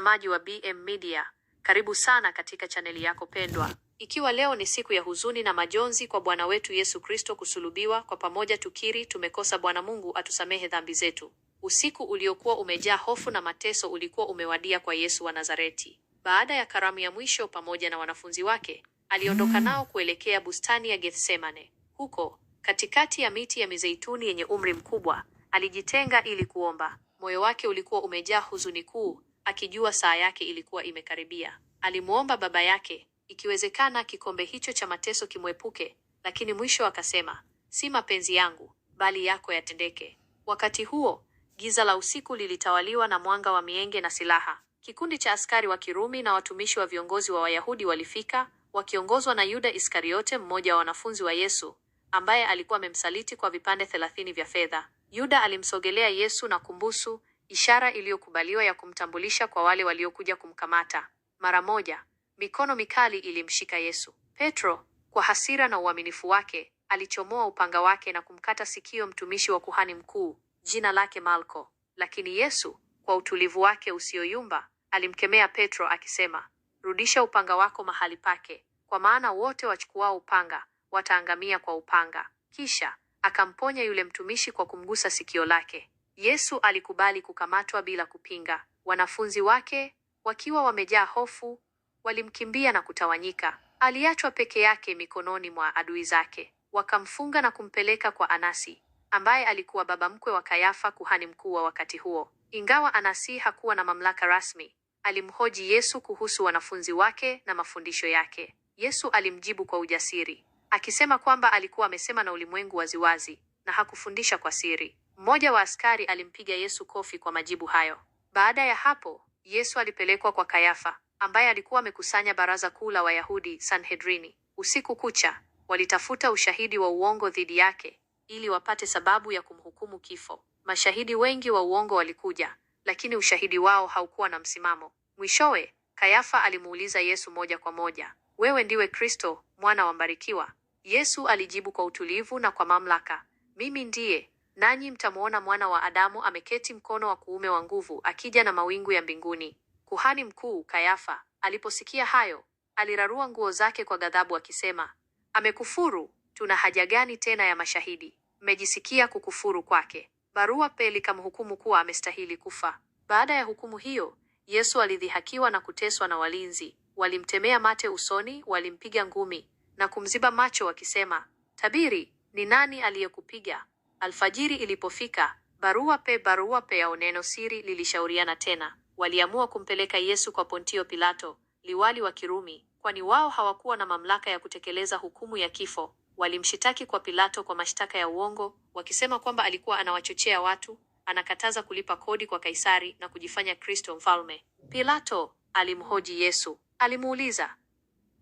Mtazamaji wa BM Media, karibu sana katika chaneli yako pendwa. Ikiwa leo ni siku ya huzuni na majonzi kwa Bwana wetu Yesu Kristo kusulubiwa, kwa pamoja tukiri tumekosa. Bwana Mungu atusamehe dhambi zetu. Usiku uliokuwa umejaa hofu na mateso ulikuwa umewadia kwa Yesu wa Nazareti. Baada ya karamu ya mwisho pamoja na wanafunzi wake, aliondoka nao kuelekea bustani ya Gethsemane. Huko katikati ya miti ya mizeituni yenye umri mkubwa, alijitenga ili kuomba. Moyo wake ulikuwa umejaa huzuni kuu, akijua saa yake ilikuwa imekaribia. Alimwomba baba yake ikiwezekana kikombe hicho cha mateso kimwepuke, lakini mwisho akasema, si mapenzi yangu bali yako yatendeke. Wakati huo giza la usiku lilitawaliwa na mwanga wa mienge na silaha. Kikundi cha askari wa Kirumi na watumishi wa viongozi wa Wayahudi walifika wakiongozwa na Yuda Iskariote, mmoja wa wanafunzi wa Yesu ambaye alikuwa amemsaliti kwa vipande thelathini vya fedha. Yuda alimsogelea Yesu na kumbusu, ishara iliyokubaliwa ya kumtambulisha kwa wale waliokuja kumkamata. Mara moja mikono mikali ilimshika Yesu. Petro, kwa hasira na uaminifu wake, alichomoa upanga wake na kumkata sikio mtumishi wa kuhani mkuu, jina lake Malko. Lakini Yesu, kwa utulivu wake usioyumba, alimkemea Petro akisema, rudisha upanga wako mahali pake, kwa maana wote wachukuao upanga wataangamia kwa upanga. Kisha akamponya yule mtumishi kwa kumgusa sikio lake. Yesu alikubali kukamatwa bila kupinga. Wanafunzi wake wakiwa wamejaa hofu, walimkimbia na kutawanyika. Aliachwa peke yake mikononi mwa adui zake. Wakamfunga na kumpeleka kwa Anasi ambaye alikuwa baba mkwe wa Kayafa, kuhani mkuu wa wakati huo. Ingawa Anasi hakuwa na mamlaka rasmi, alimhoji Yesu kuhusu wanafunzi wake na mafundisho yake. Yesu alimjibu kwa ujasiri akisema kwamba alikuwa amesema na ulimwengu waziwazi na hakufundisha kwa siri. Mmoja wa askari alimpiga Yesu kofi kwa majibu hayo. Baada ya hapo, Yesu alipelekwa kwa Kayafa, ambaye alikuwa amekusanya baraza kuu la Wayahudi, Sanhedrini. Usiku kucha, walitafuta ushahidi wa uongo dhidi yake ili wapate sababu ya kumhukumu kifo. Mashahidi wengi wa uongo walikuja, lakini ushahidi wao haukuwa na msimamo. Mwishowe, Kayafa alimuuliza Yesu moja kwa moja, wewe ndiwe Kristo, mwana wa Mbarikiwa? Yesu alijibu kwa utulivu na kwa mamlaka, mimi ndiye nanyi mtamwona mwana wa Adamu ameketi mkono wa kuume wa nguvu akija na mawingu ya mbinguni. Kuhani mkuu Kayafa aliposikia hayo, alirarua nguo zake kwa ghadhabu akisema, amekufuru! Tuna haja gani tena ya mashahidi? Mmejisikia kukufuru kwake. Barua peli kamhukumu kuwa amestahili kufa. Baada ya hukumu hiyo, Yesu alidhihakiwa na kuteswa na walinzi. Walimtemea mate usoni, walimpiga ngumi na kumziba macho wakisema, tabiri, ni nani aliyekupiga? Alfajiri ilipofika, barua pe barua pe ya oneno siri lilishauriana tena. Waliamua kumpeleka Yesu kwa Pontio Pilato, liwali wa Kirumi, kwani wao hawakuwa na mamlaka ya kutekeleza hukumu ya kifo. Walimshitaki kwa Pilato kwa mashtaka ya uongo, wakisema kwamba alikuwa anawachochea watu, anakataza kulipa kodi kwa Kaisari na kujifanya Kristo mfalme. Pilato alimhoji Yesu, alimuuliza,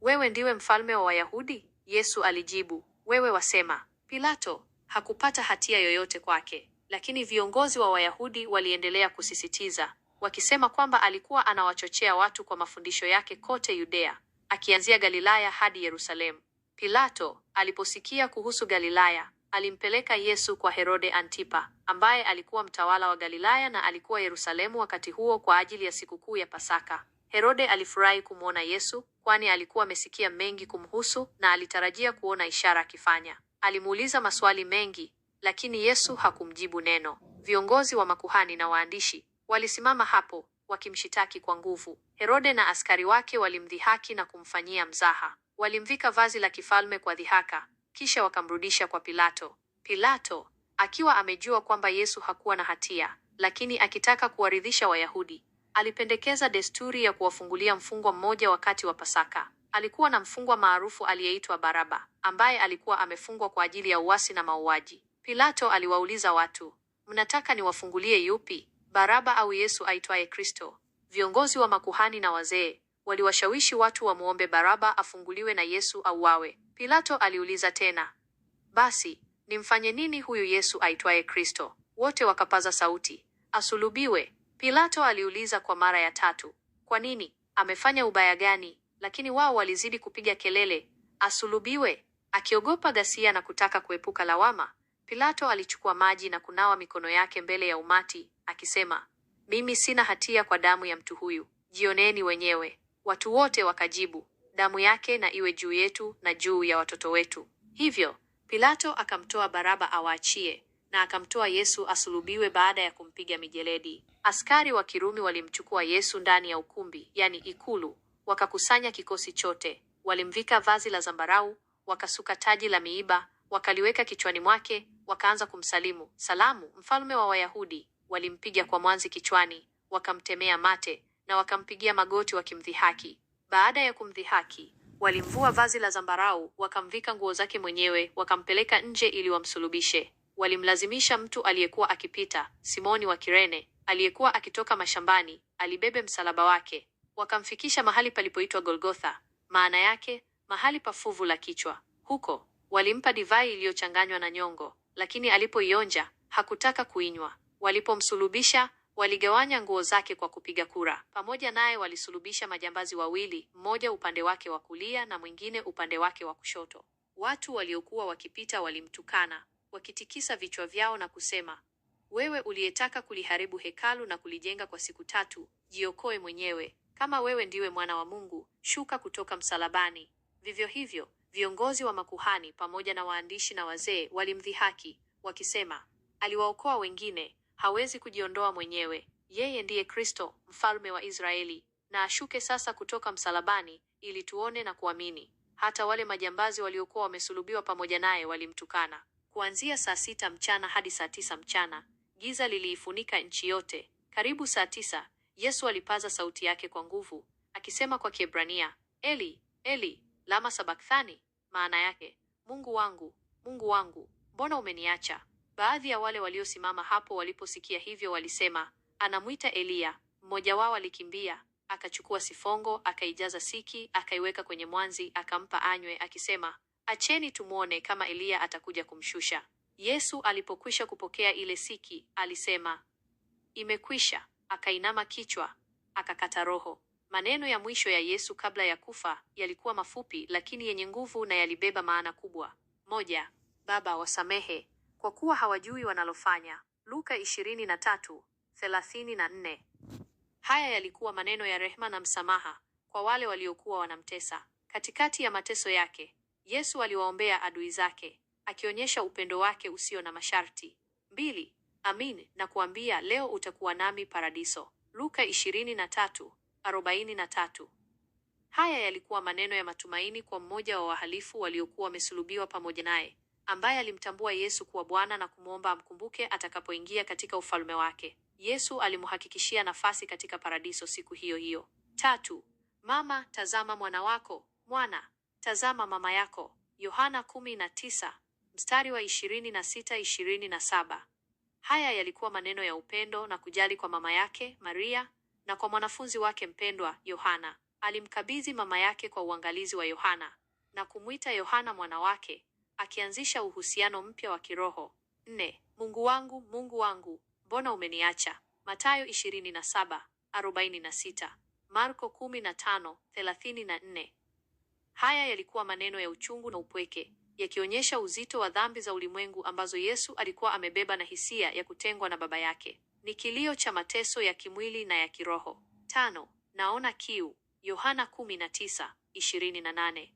wewe ndiwe mfalme wa Wayahudi? Yesu alijibu, wewe wasema. Pilato hakupata hatia yoyote kwake. Lakini viongozi wa Wayahudi waliendelea kusisitiza, wakisema kwamba alikuwa anawachochea watu kwa mafundisho yake kote Yudea, akianzia Galilaya hadi Yerusalemu. Pilato aliposikia kuhusu Galilaya, alimpeleka Yesu kwa Herode Antipa, ambaye alikuwa mtawala wa Galilaya na alikuwa Yerusalemu wakati huo kwa ajili ya sikukuu ya Pasaka. Herode alifurahi kumwona Yesu, kwani alikuwa amesikia mengi kumhusu na alitarajia kuona ishara akifanya alimuuliza maswali mengi, lakini Yesu hakumjibu neno. Viongozi wa makuhani na waandishi walisimama hapo wakimshitaki kwa nguvu. Herode na askari wake walimdhihaki na kumfanyia mzaha, walimvika vazi la kifalme kwa dhihaka, kisha wakamrudisha kwa Pilato. Pilato akiwa amejua kwamba Yesu hakuwa na hatia, lakini akitaka kuwaridhisha Wayahudi, alipendekeza desturi ya kuwafungulia mfungwa mmoja wakati wa Pasaka. Alikuwa na mfungwa maarufu aliyeitwa Baraba, ambaye alikuwa amefungwa kwa ajili ya uasi na mauaji. Pilato aliwauliza watu, mnataka niwafungulie yupi, Baraba au Yesu aitwaye Kristo? Viongozi wa makuhani na wazee waliwashawishi watu wamwombe Baraba afunguliwe na Yesu auawe. Pilato aliuliza tena, basi nimfanye nini huyu Yesu aitwaye Kristo? Wote wakapaza sauti, asulubiwe. Pilato aliuliza kwa mara ya tatu, kwa nini? Amefanya ubaya gani? lakini wao walizidi kupiga kelele, asulubiwe, akiogopa ghasia na kutaka kuepuka lawama. Pilato alichukua maji na kunawa mikono yake mbele ya umati akisema, mimi sina hatia kwa damu ya mtu huyu, jioneni wenyewe. Watu wote wakajibu, damu yake na iwe juu yetu na juu ya watoto wetu. Hivyo Pilato akamtoa Baraba awaachie na akamtoa Yesu asulubiwe baada ya kumpiga mijeledi. Askari wa Kirumi walimchukua Yesu ndani ya ukumbi, yani ikulu, wakakusanya kikosi chote, walimvika vazi la zambarau, wakasuka taji la miiba, wakaliweka kichwani mwake, wakaanza kumsalimu. Salamu mfalme wa Wayahudi, walimpiga kwa mwanzi kichwani, wakamtemea mate na wakampigia magoti wakimdhihaki. Baada ya kumdhihaki, walimvua vazi la zambarau, wakamvika nguo zake mwenyewe, wakampeleka nje ili wamsulubishe. Walimlazimisha mtu aliyekuwa akipita, Simoni wa Kirene, aliyekuwa akitoka mashambani, alibebe msalaba wake wakamfikisha mahali palipoitwa Golgotha, maana yake mahali pa fuvu la kichwa. Huko walimpa divai iliyochanganywa na nyongo, lakini alipoionja hakutaka kuinywa. Walipomsulubisha waligawanya nguo zake kwa kupiga kura. Pamoja naye walisulubisha majambazi wawili, mmoja upande wake wa kulia na mwingine upande wake wa kushoto. Watu waliokuwa wakipita walimtukana wakitikisa vichwa vyao na kusema, wewe uliyetaka kuliharibu hekalu na kulijenga kwa siku tatu, jiokoe mwenyewe. Kama wewe ndiwe mwana wa Mungu, shuka kutoka msalabani. Vivyo hivyo, viongozi wa makuhani pamoja na waandishi na wazee walimdhihaki wakisema, aliwaokoa wengine, hawezi kujiondoa mwenyewe. Yeye ndiye Kristo, mfalme wa Israeli, na ashuke sasa kutoka msalabani ili tuone na kuamini. Hata wale majambazi waliokuwa wamesulubiwa pamoja naye walimtukana. Kuanzia saa sita mchana hadi saa tisa mchana, giza liliifunika nchi yote. Karibu saa tisa Yesu alipaza sauti yake kwa nguvu akisema kwa Kiebrania, Eli Eli lama sabakthani, maana yake Mungu wangu, Mungu wangu, mbona umeniacha? Baadhi ya wale waliosimama hapo waliposikia hivyo walisema, anamwita Eliya. Mmoja wao alikimbia akachukua sifongo akaijaza siki akaiweka kwenye mwanzi akampa anywe, akisema, acheni tumwone kama Eliya atakuja kumshusha. Yesu alipokwisha kupokea ile siki alisema, imekwisha akainama kichwa, akakata roho. Maneno ya mwisho ya Yesu kabla ya kufa yalikuwa mafupi lakini yenye nguvu na yalibeba maana kubwa. Moja, Baba wasamehe kwa kuwa hawajui wanalofanya. Luka 23:34. Haya yalikuwa maneno ya rehema na msamaha kwa wale waliokuwa wanamtesa. Katikati ya mateso yake, Yesu aliwaombea adui zake, akionyesha upendo wake usio na masharti. Mbili, Amin, nakuambia leo utakuwa nami paradiso. Luka 23:43. Haya yalikuwa maneno ya matumaini kwa mmoja wa wahalifu waliokuwa wamesulubiwa pamoja naye, ambaye alimtambua Yesu kuwa Bwana na kumwomba amkumbuke atakapoingia katika ufalme wake. Yesu alimhakikishia nafasi katika paradiso siku hiyo hiyo. Tatu, mama tazama mwana wako, mwana tazama mama yako. Yohana 19 mstari wa 26 27. Haya yalikuwa maneno ya upendo na kujali kwa mama yake Maria na kwa mwanafunzi wake mpendwa Yohana. Alimkabidhi mama yake kwa uangalizi wa Yohana na kumwita Yohana mwana wake, akianzisha uhusiano mpya wa kiroho. Nne, Mungu wangu, Mungu wangu, mbona umeniacha? Mathayo 27:46, Marko 15:34. Haya yalikuwa maneno ya uchungu na upweke yakionyesha uzito wa dhambi za ulimwengu ambazo Yesu alikuwa amebeba na hisia ya kutengwa na Baba yake. Ni kilio cha mateso ya kimwili na ya kiroho. Tano, naona kiu. Yohana 19:28.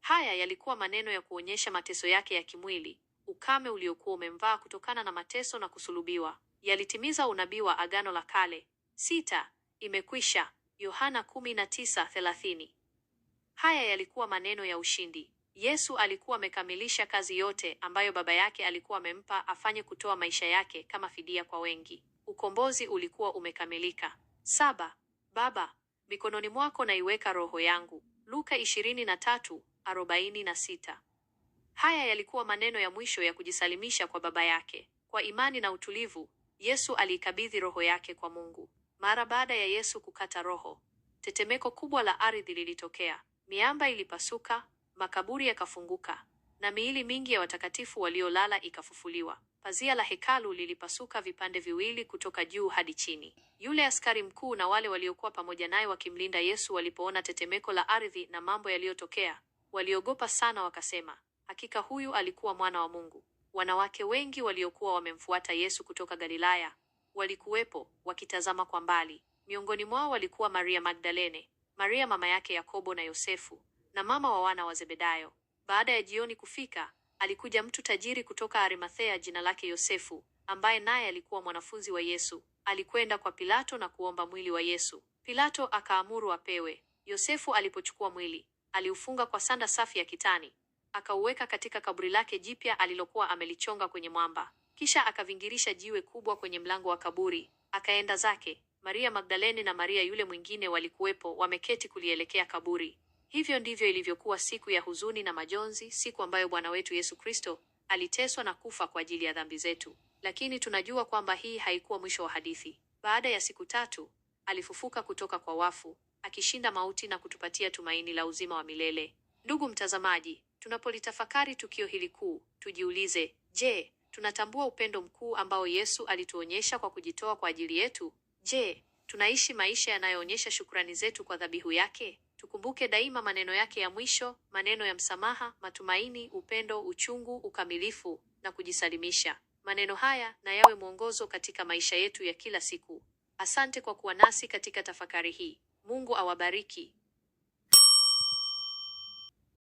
Haya yalikuwa maneno ya kuonyesha mateso yake ya kimwili, ukame uliokuwa umemvaa kutokana na mateso na kusulubiwa. Yalitimiza unabii wa Agano la Kale. Sita, imekwisha. Yohana 19:30. Haya yalikuwa maneno ya ushindi. Yesu alikuwa amekamilisha kazi yote ambayo Baba yake alikuwa amempa afanye kutoa maisha yake kama fidia kwa wengi. Ukombozi ulikuwa umekamilika. Saba, Baba, mikononi mwako naiweka roho yangu. Luka 23:46. Haya yalikuwa maneno ya mwisho ya kujisalimisha kwa Baba yake. Kwa imani na utulivu, Yesu aliikabidhi roho yake kwa Mungu. Mara baada ya Yesu kukata roho, tetemeko kubwa la ardhi lilitokea. Miamba ilipasuka, makaburi yakafunguka na miili mingi ya watakatifu waliolala ikafufuliwa. Pazia la hekalu lilipasuka vipande viwili kutoka juu hadi chini. Yule askari mkuu na wale waliokuwa pamoja naye wakimlinda Yesu walipoona tetemeko la ardhi na mambo yaliyotokea, waliogopa sana, wakasema, hakika huyu alikuwa mwana wa Mungu. Wanawake wengi waliokuwa wamemfuata Yesu kutoka Galilaya walikuwepo wakitazama kwa mbali. Miongoni mwao walikuwa Maria Magdalene, Maria mama yake Yakobo na Yosefu, na mama wa wana wa Zebedayo. Baada ya jioni kufika, alikuja mtu tajiri kutoka Arimathea jina lake Yosefu, ambaye naye alikuwa mwanafunzi wa Yesu. Alikwenda kwa Pilato na kuomba mwili wa Yesu. Pilato akaamuru apewe. Yosefu alipochukua mwili, aliufunga kwa sanda safi ya kitani, akauweka katika kaburi lake jipya alilokuwa amelichonga kwenye mwamba. Kisha akavingirisha jiwe kubwa kwenye mlango wa kaburi, akaenda zake. Maria Magdalene na Maria yule mwingine walikuwepo, wameketi kulielekea kaburi. Hivyo ndivyo ilivyokuwa siku ya huzuni na majonzi, siku ambayo Bwana wetu Yesu Kristo aliteswa na kufa kwa ajili ya dhambi zetu. Lakini tunajua kwamba hii haikuwa mwisho wa hadithi. Baada ya siku tatu alifufuka kutoka kwa wafu, akishinda mauti na kutupatia tumaini la uzima wa milele. Ndugu mtazamaji, tunapolitafakari tukio hili kuu, tujiulize, je, tunatambua upendo mkuu ambao Yesu alituonyesha kwa kujitoa kwa ajili yetu? Je, tunaishi maisha yanayoonyesha shukrani zetu kwa dhabihu yake? Tukumbuke daima maneno yake ya mwisho, maneno ya msamaha, matumaini, upendo, uchungu, ukamilifu na kujisalimisha. Maneno haya na yawe mwongozo katika maisha yetu ya kila siku. Asante kwa kuwa nasi katika tafakari hii. Mungu awabariki.